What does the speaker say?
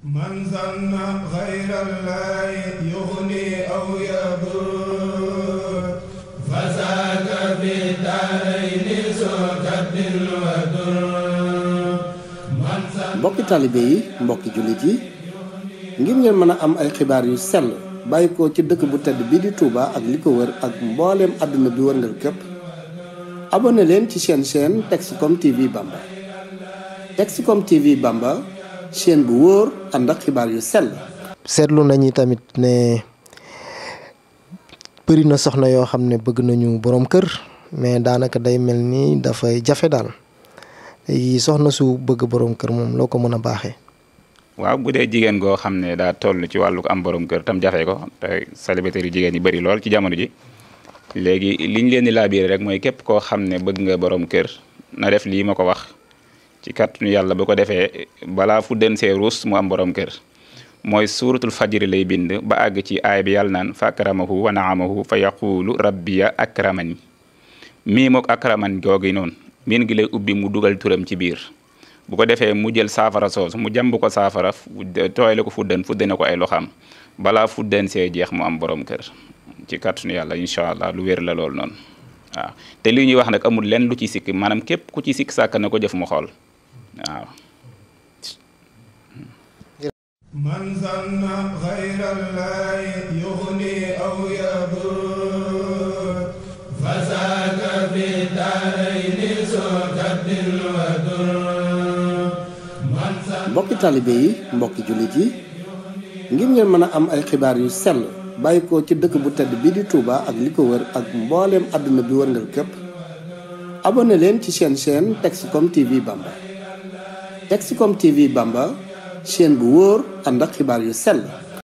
من ظن غير الله يغني أو يضر mbokki taalibe yi mbokki jullit yi ngir ngeen mën a am ay xibaar yu sell bàyyi ko ci dëkk bu tedd bii di tuubaa ak li ko wër ak mbooleem àdduna bi wërngal képp abonné leen ci seen chaîne Texcom TV Bamba Texcom TV Bamba chaîne bu wóor ànd ak xibaar yu sell. seetlu nañu tamit ne bëri na soxna yoo xam ne bëgg nañu borom kër mais daanaka day mel nii dafay jafe daal yi soxna su bëgg borom kër moom loo ko mën a baaxee. waaw bu dee jigéen goo xam ne daa toll ci wàllu am borom kër tam jafe ko te célibataire yi jigéen yi bari lool ci jamono ji léegi liñ leen di laabiire rek mooy képp koo xam ne bëgg nga boroom kër na def lii ma ko wax. ci kàttanu yàlla bu ko defee balaa fu den see ruus mu am boroom kër mooy suuratul fajri lay bind ba àgg ci aay bi yàlla naan fa akramahu wa naamahu fa yaquulu rabbiya akramani mii mook koo gi noonu miin gi lay ubbi mu dugal turam ci biir bu ko defee mu jël saafara soosu mu jàmb ko saafara tooyle ko fuddan fuddane ko ay loxaam balaa fuddan see jeex mu am borom kër ci nu yàlla incha allah lu wér la lool noonu waaw te li ñuy wax nag amul lenn lu ci sikk maanaam képp ku ci sikk sàkk na ko jëf mu xool waaw man zanna ghayra allahi yughni aw yadur fasaka bi darayni sukadil wadur mbokki talibé yi mbokki julit yi ngir ngeen mëna am ay xibaar yu sell bayiko ci dëkk bu tedd bi di Touba ak liko wër ak mbollem aduna bi wërngal kep abonné len ci chaîne chaîne Texcom TV Bamba Texcom TV Bamba chaîne bu wóor ànd ak xibaar yu sell